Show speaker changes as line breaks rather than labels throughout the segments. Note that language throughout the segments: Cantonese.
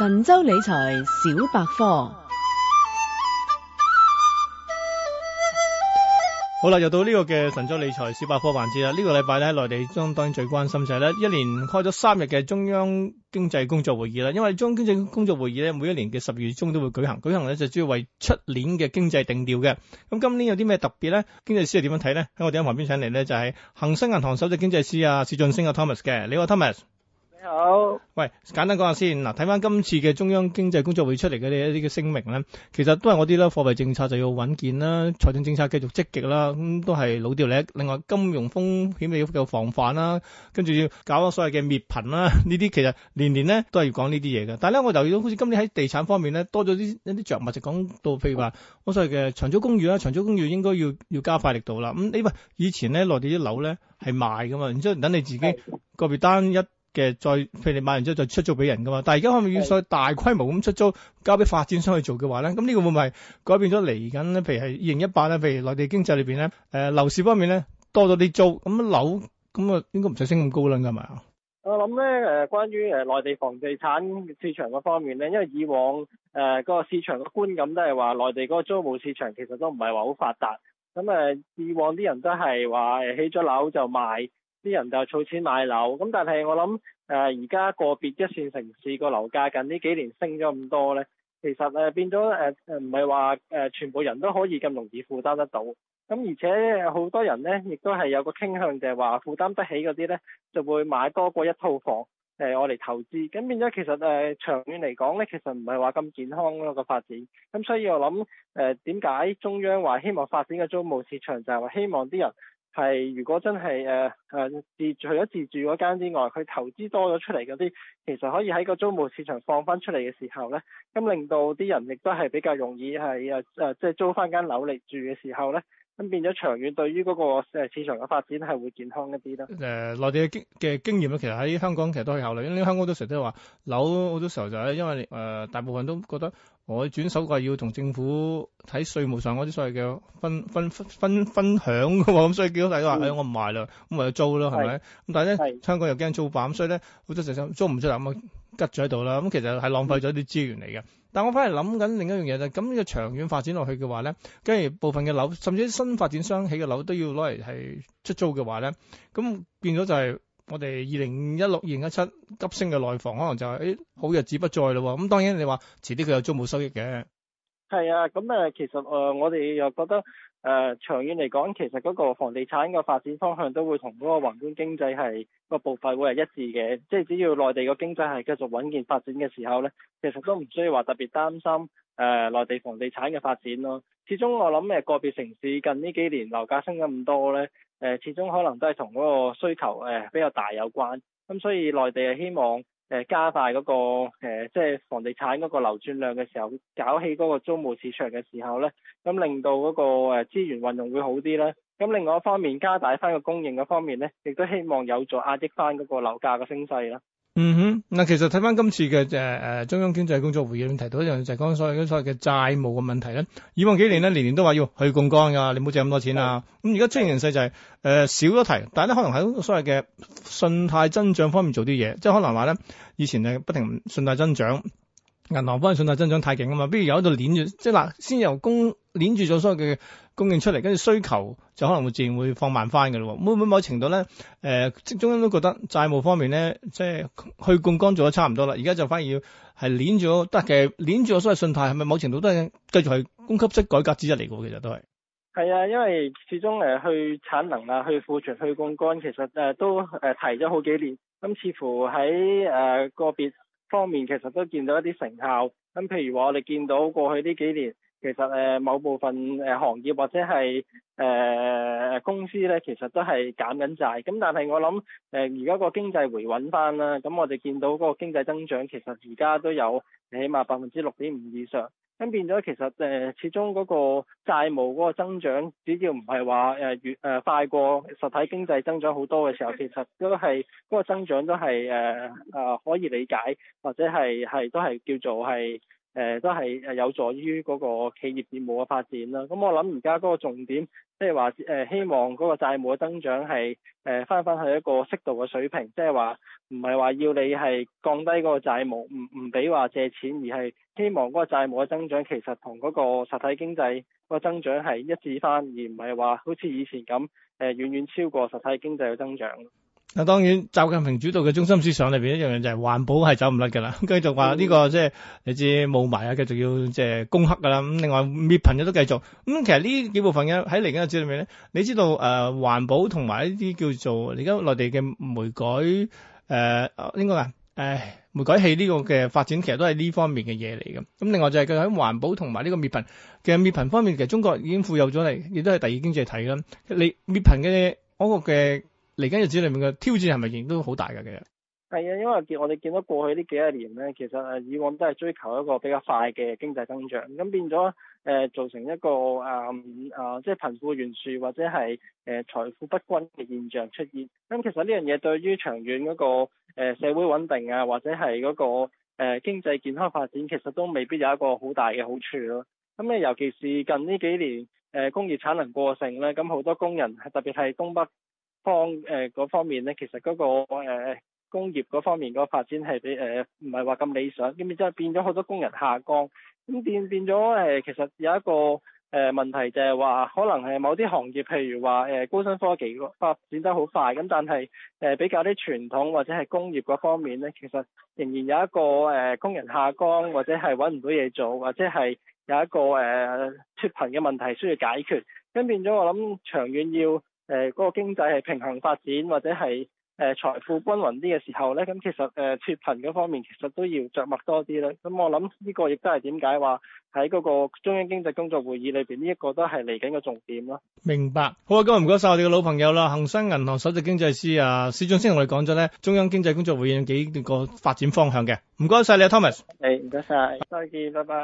神州理財小百科好啦，又到呢個嘅神州理財小百科環節啦。這個、呢個禮拜咧，內地中當然最關心就係咧，一年開咗三日嘅中央經濟工作會議啦。因為中央經濟工作會議咧，每一年嘅十二月中都會舉行，舉行咧就主要為出年嘅經濟定調嘅。咁今年有啲咩特別咧？經濟師係點樣睇咧？喺我哋喺旁邊請嚟咧，就係、是、恆生銀行首席經濟師啊，史俊升啊，Thomas 嘅，你好，Thomas。你好，喂，簡單講下先嗱，睇翻今次嘅中央經濟工作會出嚟嘅一啲嘅聲明咧，其實都係我啲啦，貨幣政策就要穩健啦，財政政策繼續積極啦，咁、嗯、都係老掉你。另外，金融風險嘅防範啦，跟住要搞啊，所謂嘅滅貧啦，呢啲其實年年咧都係要講呢啲嘢嘅。但係咧，我留意到好似今年喺地產方面咧，多咗啲一啲著墨，就講到譬如話，我所謂嘅長租公寓啦，長租公寓應該要要加快力度啦。咁你喂，以前咧內地啲樓咧係賣㗎嘛，然之後等你自己個別單一。嘅再，譬如你買完之後就出租俾人噶嘛，但係而家可唔可以再大規模咁出租是的 交俾發展商去做嘅話咧，咁呢個會唔會係改變咗嚟緊咧？譬如係二零一八咧，譬如內地經濟裏邊咧，誒、呃、樓市方面咧多咗啲租，咁樓咁啊應該唔使升咁高啦，係咪啊？
我諗咧誒，關於誒內地房地產市場嗰方面咧，因為以往誒、呃那個市場嘅觀感都係話內地嗰個租務市場其實都唔係話好發達，咁誒、呃、以往啲人都係話起咗樓就賣。啲人就係儲錢買樓，咁但係我諗，誒而家個別一線城市個樓價近呢幾年升咗咁多咧，其實誒變咗誒誒唔係話誒全部人都可以咁容易負擔得到，咁而且好多人咧，亦都係有個傾向就係話負擔得起嗰啲咧，就會買多過一套房，誒用嚟投資，咁變咗其實誒、呃、長遠嚟講咧，其實唔係話咁健康咯個發展，咁所以我諗誒點解中央話希望發展嘅租務市場，就係話希望啲人。係，如果真係誒誒自除咗自住嗰間之外，佢投資多咗出嚟嗰啲，其實可以喺個租務市場放翻出嚟嘅時候咧，咁令到啲人亦都係比較容易係誒誒，即係租翻間樓嚟住嘅時候咧。咁變咗長遠，對於嗰個市場嘅發展係會健康一啲啦。
誒、呃、內地嘅經嘅經驗咧，其實喺香港其實都可以考慮。因為香港好多時候都話樓好多時候就係因為誒、呃、大部分都覺得我轉手過要同政府喺稅務上嗰啲所謂嘅分分分分，分，分享嘅喎，咁、嗯、所以幾多大家都話誒、嗯哎、我唔賣啦，咁咪租咯係咪？咁、嗯、但係咧是香港又驚租霸，所以咧好多時想租唔出嚟咁啊。嗯嗯拮咗喺度啦，咁其實係浪費咗啲資源嚟嘅。但我翻嚟諗緊另一樣嘢就係咁嘅長遠發展落去嘅話咧，跟住部分嘅樓，甚至新發展商起嘅樓都要攞嚟係出租嘅話咧，咁變咗就係我哋二零一六年一七急升嘅內房，可能就係誒好日子不再咯。咁當然你話遲啲佢有租冇收益嘅。
係啊，咁、嗯、誒其實誒、呃、我哋又覺得誒、呃、長遠嚟講，其實嗰個房地產嘅發展方向都會同嗰個宏觀經濟係個步伐會係一致嘅，即係只要內地個經濟係繼續穩健發展嘅時候咧，其實都唔需要話特別擔心誒、呃、內地房地產嘅發展咯。始終我諗誒個別城市近呢幾年樓價升咗咁多咧，誒、呃、始終可能都係同嗰個需求誒、呃、比較大有關，咁、嗯、所以內地係希望，誒加大嗰個誒，即係房地產嗰個流轉量嘅時候，搞起嗰個租務市場嘅時候咧，咁令到嗰個誒資源運用會好啲啦。咁另外一方面，加大翻個供應嘅方面咧，亦都希望有助壓抑翻嗰個樓價嘅升勢啦。
嗯哼，嗱，其實睇翻今次嘅，誒誒中央經濟工作會議，裏面提到一樣就係講所謂所謂嘅債務嘅問題咧。以往幾年咧，年年都話要去槓桿啊，你唔好借咁多錢啊。咁而家出現嘅形勢就係、是、誒、呃、少咗提，但係咧可能喺所謂嘅信貸增長方面做啲嘢，即係可能話咧，以前誒不停不信貸增長。銀行方面信貸增長太勁啊嘛，不如有一度攆住，即係嗱，先由供攆住咗所有嘅供應出嚟，跟住需求就可能會自然會放慢翻嘅咯。咁喺某程度咧，呃，即中央都覺得債務方面咧，即係去槓桿做得差唔多啦，而家就反而要係攆住，但係其實攆住個所有信貸係咪某程度都係繼續係供給式改革之一嚟嘅喎？其實都
係。係啊，因為始終誒去產能啊、去庫存、去槓桿，其實誒都誒提咗好幾年，咁似乎喺誒個別。方面其實都見到一啲成效，咁譬如話我哋見到過去呢幾年，其實誒某部分誒行業或者係誒、呃、公司咧，其實都係減緊債。咁但係我諗誒而家個經濟回穩翻啦，咁我哋見到嗰個經濟增長其實而家都有起碼百分之六點五以上。咁變咗其實誒，始終嗰個債務嗰個增長，只要唔係話誒越誒快過實體經濟增長好多嘅時候，其實都係嗰個增長都係誒啊可以理解，或者係係都係叫做係。誒，都係誒，有助於嗰個企業業務嘅發展啦。咁我諗而家嗰個重點，即係話誒，希望嗰個債務嘅增長係誒，翻翻去一個適度嘅水平，即係話唔係話要你係降低嗰個債務，唔唔俾話借錢，而係希望嗰個債務嘅增長，其實同嗰個實體經濟嗰個增長係一致翻，而唔係話好似以前咁誒，遠遠超過實體經濟嘅增長。
嗱，當然習近平主導嘅中心思想裏邊，一樣嘢就係環保係走唔甩嘅啦。繼續話呢個即係你知霧霾啊，繼續要即係攻克噶啦。咁另外滅貧亦都繼續。咁其實呢幾部分嘅喺嚟緊嘅日子裡面咧，你知道誒環保同埋呢啲叫做而家內地嘅煤改誒，應該話誒煤改氣呢個嘅發展，其實都係呢方面嘅嘢嚟嘅。咁另外就係佢喺環保同埋呢個滅貧其實滅貧方面，其實中國已經富有咗嚟，亦都係第二經濟體啦。你滅貧嘅嗰個嘅。嚟緊日子裏面嘅挑戰係咪亦都好大㗎？其實
係啊，因為見我哋見到過去呢幾十年咧，其實誒以往都係追求一個比較快嘅經濟增長，咁變咗誒、呃、造成一個啊啊即係、就是、貧富懸殊或者係誒財富不均嘅現象出現。咁其實呢樣嘢對於長遠嗰個社會穩定啊，或者係嗰個誒經濟健康發展，其實都未必有一個好大嘅好處咯。咁誒尤其是近呢幾年誒工業產能過剩咧，咁好多工人特別係東北。方誒、呃、方面咧，其實嗰、那個、呃、工業嗰方面嗰發展係比誒唔係話咁理想，咁變咗變咗好多工人下崗，咁變變咗誒、呃、其實有一個誒、呃、問題就係話，可能係某啲行業，譬如話誒、呃、高新科技個發展得好快，咁但係誒、呃、比較啲傳統或者係工業嗰方面咧，其實仍然有一個誒、呃、工人下崗或者係揾唔到嘢做，或者係有一個誒、呃、脫貧嘅問題需要解決，咁變咗我諗長遠要。誒，嗰、呃那個經濟係平衡發展，或者係誒財富均勻啲嘅時候咧，咁其實誒脫貧嗰方面，其實都要着墨多啲啦。咁、嗯、我諗呢個亦都係點解話喺嗰個中央經濟工作會議裏邊，呢、這、一個都係嚟緊嘅重點咯。
明白，好啊，今日唔該晒我哋嘅老朋友啦，恒生銀行首席經濟師啊，薛俊昇同我哋講咗咧中央經濟工作會議有幾個發展方向嘅，唔該晒你、嗯、啊，Thomas。係，
唔該晒，再見，拜拜。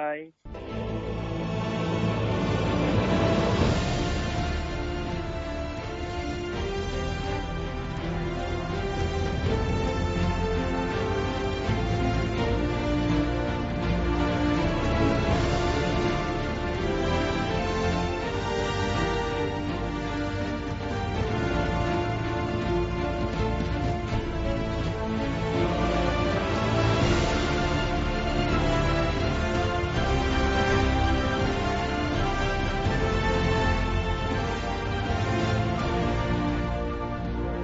拜拜。